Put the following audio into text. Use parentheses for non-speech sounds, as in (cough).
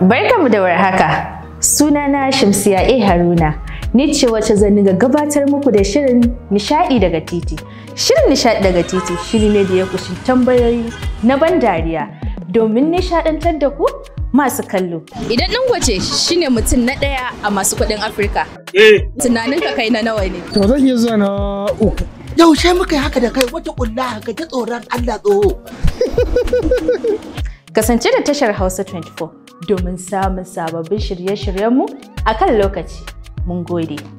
Barkanmu da warhaka. Sunana Shamsiya A Haruna. Ni ce wace zan ga gabatar muku da shirin Nishadi daga titi. Shirin Nishadi daga titi shiri ne da ya kushi tambayoyi na ban dariya domin nishadantar da ku masu kallo. Idan ɗan wace shine mutum na ɗaya a masu kuɗin Afirka. Eh. Tunaninka kai na nawa ne? To zan iya zana, uku. Yaushe muka yi haka da kai wata ƙulla ka ta tsoron Allah tsoho. (laughs) Kasance da tashar Hausa 24 domin samun sababbin shirye-shiryenmu a kan lokaci. Mun gode.